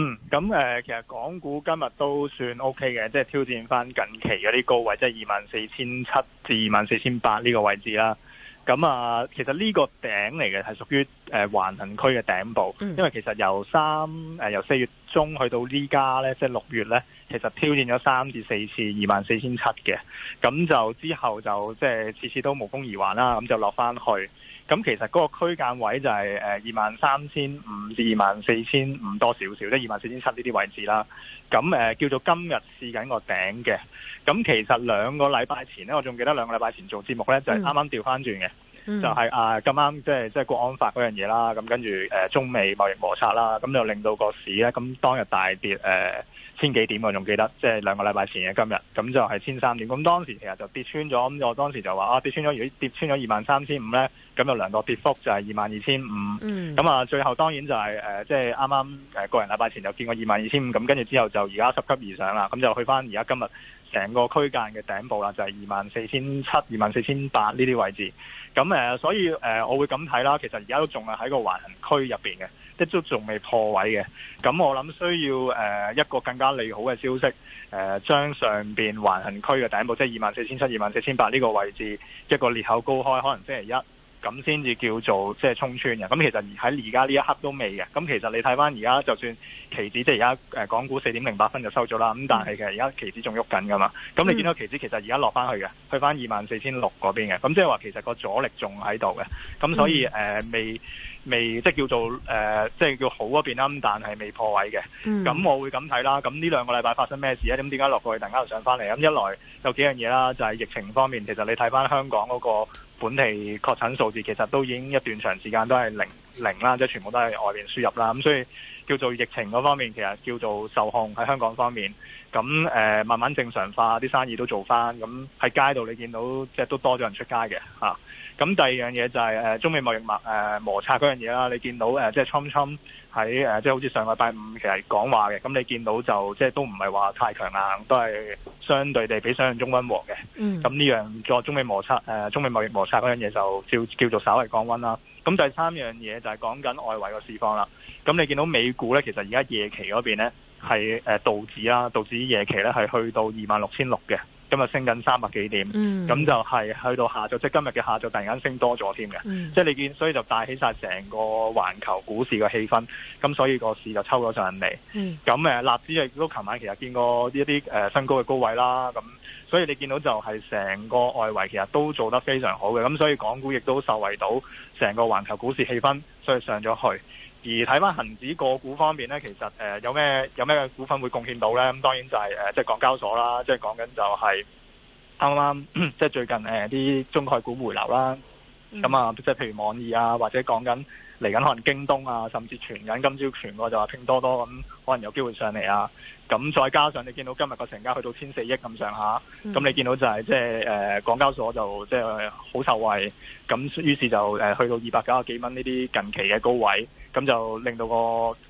嗯，咁誒、呃，其實港股今日都算 O K 嘅，即係挑戰翻近期嗰啲高位，即係二萬四千七至二萬四千八呢個位置啦。咁啊，其實呢個頂嚟嘅係屬於誒、呃、橫行區嘅頂部，嗯、因為其實由三誒、呃、由四月中去到呢家咧，即係六月咧，其實挑戰咗三至四次二萬四千七嘅，咁就之後就即係次次都無功而還啦，咁就落翻去。咁其實嗰個區間位就係誒二萬三千五至二萬四千五多少少，即二萬四千七呢啲位置啦。咁誒、呃、叫做今日試緊個頂嘅。咁其實兩個禮拜前咧，我仲記得兩個禮拜前做節目咧，就係啱啱調返轉嘅，就係啊咁啱即係即係國安法嗰樣嘢啦。咁跟住誒、呃、中美貿易摩擦啦，咁就令到個市咧，咁當日大跌誒、呃、千幾點我仲記得，即、就、係、是、兩個禮拜前嘅今日咁就係千三點。咁當時其實就跌穿咗咁，我當時就話啊跌穿咗，如果跌穿咗二萬三千五咧。咁量度跌幅就係二萬二千五，咁啊、嗯，最後當然就係即係啱啱個人禮拜前就見過二萬二千五，咁跟住之後就而家十級以上啦，咁就去翻而家今日成個區間嘅頂部啦，就係二萬四千七、二萬四千八呢啲位置。咁誒、呃，所以誒、呃，我會咁睇啦。其實而家都仲係喺個橫行區入邊嘅，即都仲未破位嘅。咁我諗需要誒、呃、一個更加利好嘅消息，誒、呃、將上邊橫行區嘅頂部，即係二萬四千七、二萬四千八呢個位置一個裂口高開，可能星期一。咁先至叫做即係沖穿嘅，咁其實喺而家呢一刻都未嘅。咁其實你睇翻而家，就算期指即係而家，誒港股四點零八分就收咗啦。咁但係其實而家期指仲喐緊噶嘛。咁你見到期指其實而家落翻去嘅，去翻二萬四千六嗰邊嘅。咁即係話其實個阻力仲喺度嘅。咁所以誒、呃、未未即係叫做誒、呃、即係叫好嗰邊啦。咁但係未破位嘅。咁我會咁睇啦。咁呢兩個禮拜發生咩事啊？咁點解落過去？突然間又上翻嚟？咁一來有幾樣嘢啦，就係、是、疫情方面。其實你睇翻香港嗰、那個。本地確診數字其實都已經一段長時間都係零零啦，即係全部都係外邊輸入啦。咁所以叫做疫情嗰方面，其實叫做受控喺香港方面。咁、呃、慢慢正常化，啲生意都做翻。咁喺街度你見到即係都多咗人出街嘅。咁、啊、第二樣嘢就係中美貿易物誒摩擦嗰樣嘢啦。你見到即係侵侵。喺誒，即係好似上個禮拜五其實講話嘅，咁你見到就即係都唔係話太強硬，都係相對地比想象中溫和嘅。咁呢、嗯、樣做中美摩擦誒，中美貿易摩擦嗰樣嘢就叫叫做稍微降溫啦。咁第三樣嘢就係講緊外圍個市況啦。咁你見到美股咧，其實而家夜期嗰邊咧係誒道指啦，道指夜期咧係去到二萬六千六嘅。今日升緊三百幾點，咁、嗯、就係去到下晝，即、就、係、是、今日嘅下晝突然間升多咗添嘅，即係、嗯、你見，所以就帶起晒成個環球股市嘅氣氛，咁所以個市就抽咗上嚟。咁誒，納指亦都琴晚其實見過一啲誒、呃、新高嘅高位啦，咁所以你見到就係成個外圍其實都做得非常好嘅，咁所以港股亦都受惠到成個環球股市氣氛，所以上咗去。而睇翻恒指個股方面咧，其實誒、呃、有咩有咩股份會貢獻到咧？咁當然就係誒即係港交所啦，即、就、係、是、講緊就係啱啱即係最近誒啲、呃、中概股回流啦。咁啊、嗯，即係譬如網易啊，或者講緊嚟緊可能京東啊，甚至傳緊今朝傳過就話拼多多咁。嗯可能有機會上嚟啊！咁再加上你見到今日個成交去到千四億咁上下，咁、嗯、你見到就係即係誒港交所就即係好受惠，咁於是就去到二百九十幾蚊呢啲近期嘅高位，咁就令到個、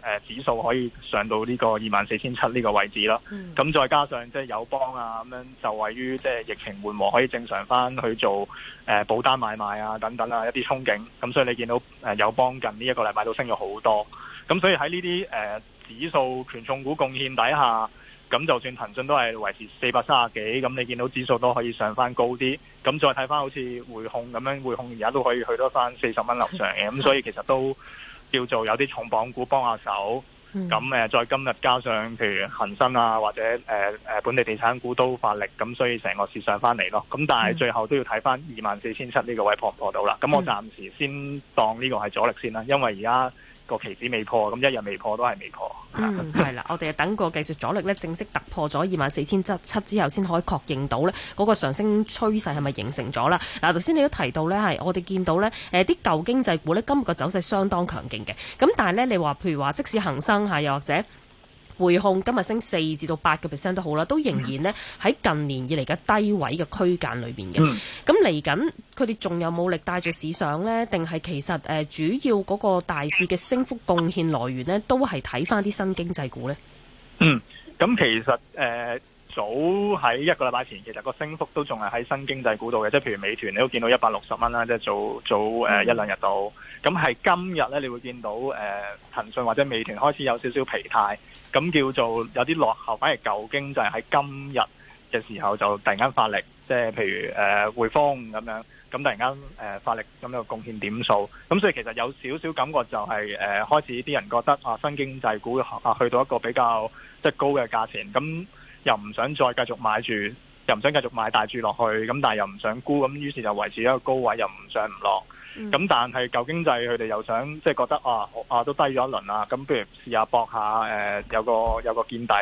呃、指數可以上到呢個二萬四千七呢個位置啦。咁、嗯、再加上即係友邦啊咁樣，就位於即係疫情緩和可以正常翻去做誒、呃、保單買賣啊等等啊一啲憧憬，咁所以你見到誒友邦近呢一個禮拜都升咗好多，咁所以喺呢啲誒、呃指數權重股貢獻底下，咁就算騰訊都係維持四百三十幾，咁你見到指數都可以上翻高啲，咁再睇翻好似匯控咁樣，匯控而家都可以去到翻四十蚊樓上嘅，咁所以其實都叫做有啲重磅股幫下手，咁誒再今日加上譬如恆生啊或者誒、呃、本地地產股都發力，咁所以成個市上翻嚟咯，咁但係最後都要睇翻二萬四千七呢個位破唔破到啦，咁我暫時先當呢個係阻力先啦，因為而家。個期指未破，咁一日未破都係未破。是破。嗯，係啦，我哋等個技術阻力咧正式突破咗二萬四千七七之後，先可以確認到咧嗰個上升趨勢係咪形成咗啦？嗱，頭先你都提到咧係我哋見到咧誒啲舊經濟股咧今日個走勢相當強勁嘅，咁但係咧你話譬如話即使恒生嚇，又或者，匯控今日升四至到八個 percent 都好啦，都仍然呢喺近年以嚟嘅低位嘅區間裏邊嘅。咁嚟緊，佢哋仲有冇力帶住市上呢？定係其實誒主要嗰個大市嘅升幅貢獻來源呢？都係睇返啲新經濟股呢？嗯，咁其實誒。呃早喺一個禮拜前，其實個升幅都仲係喺新經濟股度嘅，即係譬如美團，你都見到一百六十蚊啦，即係早早誒一兩日度。咁係今日咧，你會見到誒、呃、騰訊或者美團開始有少少疲態，咁叫做有啲落後。反而舊經濟喺今日嘅時候就突然間發力，即係譬如誒、呃、匯豐咁樣，咁突然間誒發力咁有貢獻點數。咁所以其實有少少感覺就係、是、誒、呃、開始啲人覺得啊，新經濟股啊去到一個比較即係高嘅價錢咁。又唔想再繼續買住，又唔想繼續買大住落去，咁但係又唔想沽，咁於是就維持一個高位，又唔上唔落。咁、嗯、但係舊經濟佢哋又想，即係覺得啊啊都低咗一輪啦，咁不如試下搏一下，誒、呃、有個有個見底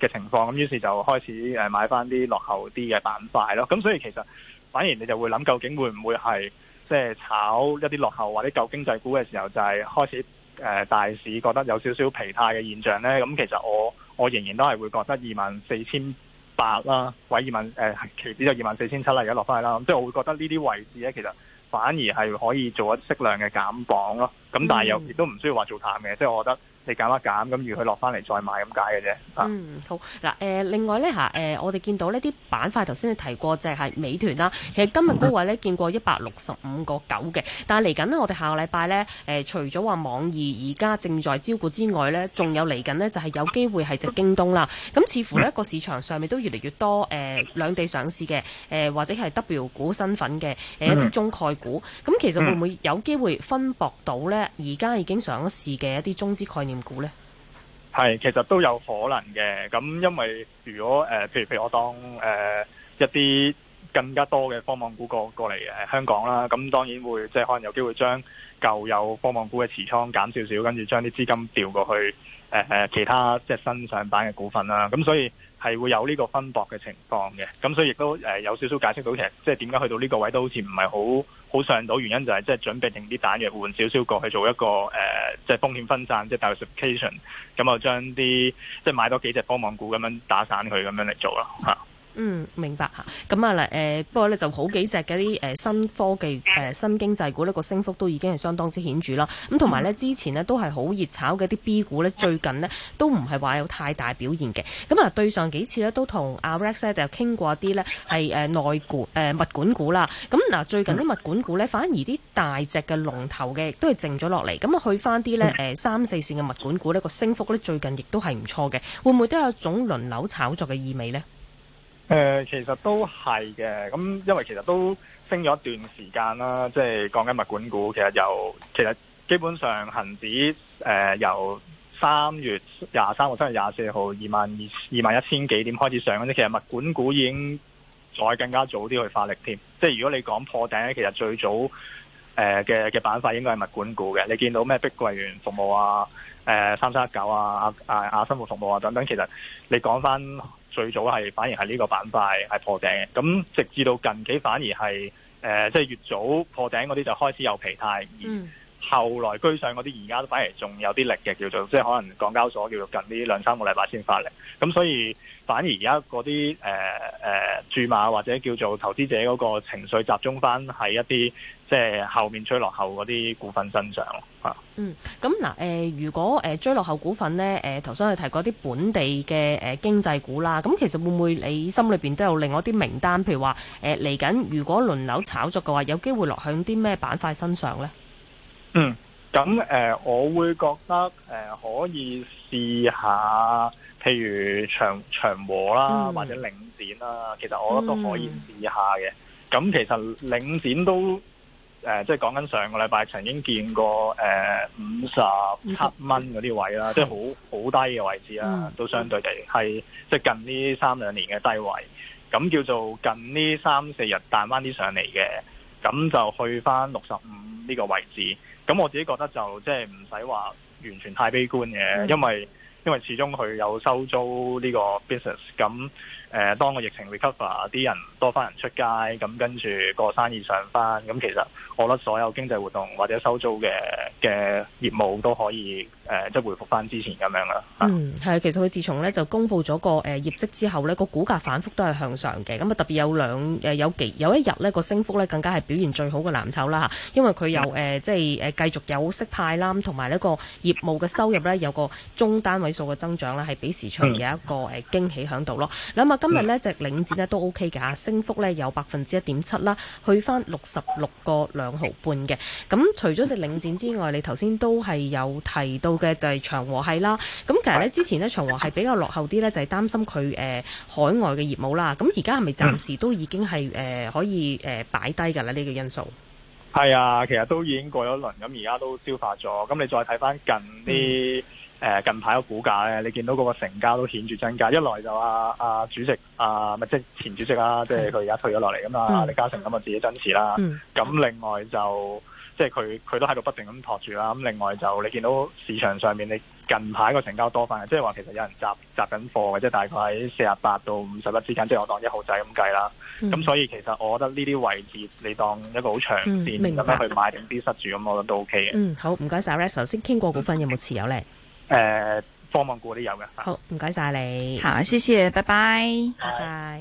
嘅情況，咁於是就開始誒買翻啲落後啲嘅板塊咯。咁所以其實反而你就會諗，究竟會唔會係即係炒一啲落後或者舊經濟股嘅時候，就係開始誒、呃、大市覺得有少少疲態嘅現象呢？咁其實我。我仍然都係會覺得、啊、二萬四千八啦，鬼二萬誒，期指就二萬四千七啦，而家落翻去啦，咁即係我會覺得呢啲位置咧，其實反而係可以做一適量嘅減磅咯、啊，咁但係又亦都唔需要話做淡嘅，即係我覺得。你減一減咁，預佢落翻嚟再買咁解嘅啫。啊、嗯，好嗱、呃，另外咧嚇、呃，我哋見到呢啲板塊，頭先你提過就係美團啦。其實今日高位咧見過一百六十五個九嘅，但係嚟緊呢，我哋下個禮拜咧除咗話網易而家正在招股之外咧，仲有嚟緊呢，就係、是、有機會係隻京東啦。咁似乎呢個市場上面都越嚟越多誒兩、呃、地上市嘅、呃、或者係 W 股身份嘅誒、呃、一啲中概股，咁其實會唔會有機會分薄到咧？而家已經上市嘅一啲中資概念股呢，係其實都有可能嘅。咁因為如果誒，譬、呃、如譬如我當誒、呃、一啲更加多嘅科網股過過嚟誒香港啦，咁當然會即係可能有機會將舊有科網股嘅持倉減少少，跟住將啲資金調過去誒誒、呃、其他即係新上版嘅股份啦。咁所以係會有呢個分薄嘅情況嘅。咁所以亦都誒、呃、有少少解釋到其實即係點解去到呢個位都好似唔係好。好上到原因就係即係準備定啲彈藥換少少過去做一個即係、呃就是、風險分散，即、就、係、是、diversification，咁啊將啲即係買多幾隻波網股咁樣打散佢咁樣嚟做咯、啊嗯，明白吓咁啊！嗱，誒、呃、不過咧，就好幾隻嗰啲誒新科技誒、呃、新經濟股呢個升幅都已經係相當之顯著啦。咁同埋呢，之前呢都係好熱炒嘅啲 B 股呢，最近呢都唔係話有太大表現嘅。咁啊、呃，對上幾次呢都同阿 Rex 咧就傾過啲呢係誒內股誒、呃、物管股啦。咁嗱，最近啲物管股呢，反而啲大隻嘅龍頭嘅都係靜咗落嚟，咁啊去翻啲呢誒、呃、三四線嘅物管股呢、那個升幅呢，最近亦都係唔錯嘅，會唔會都有一種輪流炒作嘅意味呢？誒、呃，其實都係嘅，咁因為其實都升咗一段時間啦，即係講緊物管股，其實由其實基本上恒指誒、呃、由三月廿三號、三月廿四號二萬二二萬一千幾點開始上嗰啲，其實物管股已經再更加早啲去發力添。即係如果你講破頂，其實最早誒嘅嘅板塊應該係物管股嘅，你見到咩碧桂園服務啊？誒三三一九啊，啊啊啊生活服務啊等等，其實你講翻最早係反而係呢個板塊係破頂嘅，咁直至到近期反而係誒即係越早破頂嗰啲就開始有疲態。後來居上嗰啲，而家都反而仲有啲力嘅，叫做即係可能港交所叫做近呢兩三個禮拜先發力咁，所以反而而家嗰啲誒誒注碼或者叫做投資者嗰個情緒集中翻喺一啲即係後面追落後嗰啲股份身上咯嚇嗯，咁嗱、呃、如果追落後股份咧誒，頭先你提過啲本地嘅誒、呃、經濟股啦，咁其實會唔會你心裏面都有另外一啲名單？譬如話嚟緊，呃、如果輪流炒作嘅話，有機會落向啲咩板塊身上咧？嗯，咁誒、呃，我會覺得誒、呃，可以試下，譬如長長和啦，或者領展啦，嗯、其實我覺得都可以試下嘅。咁、嗯、其實領展都誒，即係講緊上個禮拜曾經見過誒五十七蚊嗰啲位啦，即係好好低嘅位置啦，嗯、都相對嚟係即係近呢三兩年嘅低位，咁叫做近呢三四日彈翻啲上嚟嘅，咁就去翻六十五呢個位置。咁我自己覺得就即係唔使話完全太悲觀嘅，因為因為始終佢有收租呢個 business 咁。誒、呃，當個疫情 recover，啲人多翻人出街，咁跟住個生意上翻，咁其實我覺得所有經濟活動或者收租嘅嘅業務都可以誒，即、呃、係回復翻之前咁樣啦。嗯，係，其實佢自從咧就公布咗個誒、呃、業績之後咧，個股價反覆都係向上嘅。咁啊，特別有兩、呃、有幾有一日呢個升幅咧更加係表現最好嘅藍籌啦嚇，因為佢有誒的、呃、即係誒繼續有息派攬，同埋呢個業務嘅收入咧有個中單位數嘅增長咧係俾市場嘅一個誒驚喜喺度咯。你諗今日呢隻領展呢都 O K 嘅，升幅呢有百分之一點七啦，去翻六十六個兩毫半嘅。咁除咗隻領展之外，你頭先都係有提到嘅就係長和系啦。咁其實呢之前呢長和系比較落後啲呢，就係擔心佢、呃、海外嘅業務啦。咁而家係咪暫時都已經係、呃、可以、呃、擺低㗎啦？呢、呃、個因素係啊，其實都已經過咗輪，咁而家都消化咗。咁你再睇翻近啲。嗯誒近排個股價咧，你見到嗰個成交都顯著增加，一來就阿啊，啊主席，啊咪即係前主席啦，即係佢而家退咗落嚟咁啊，李嘉誠咁啊自己增持啦。咁另外就即係佢佢都喺度不斷咁托住啦。咁、嗯、另外就你見到市場上面，你近排個成交多翻，即係話其實有人集集緊貨嘅，即係大概喺四十八到五十一之間，即係我當一號仔咁計啦。咁、嗯、所以其實我覺得呢啲位置，你當一個好長線咁樣、嗯、去買定啲塞住，咁我覺得都 OK 嘅。嗯，好，唔該晒啦首先，傾過股份有冇持有咧？誒，觀望、呃、過啲有嘅。好，唔該晒你。好，謝謝，拜拜，拜拜。Bye.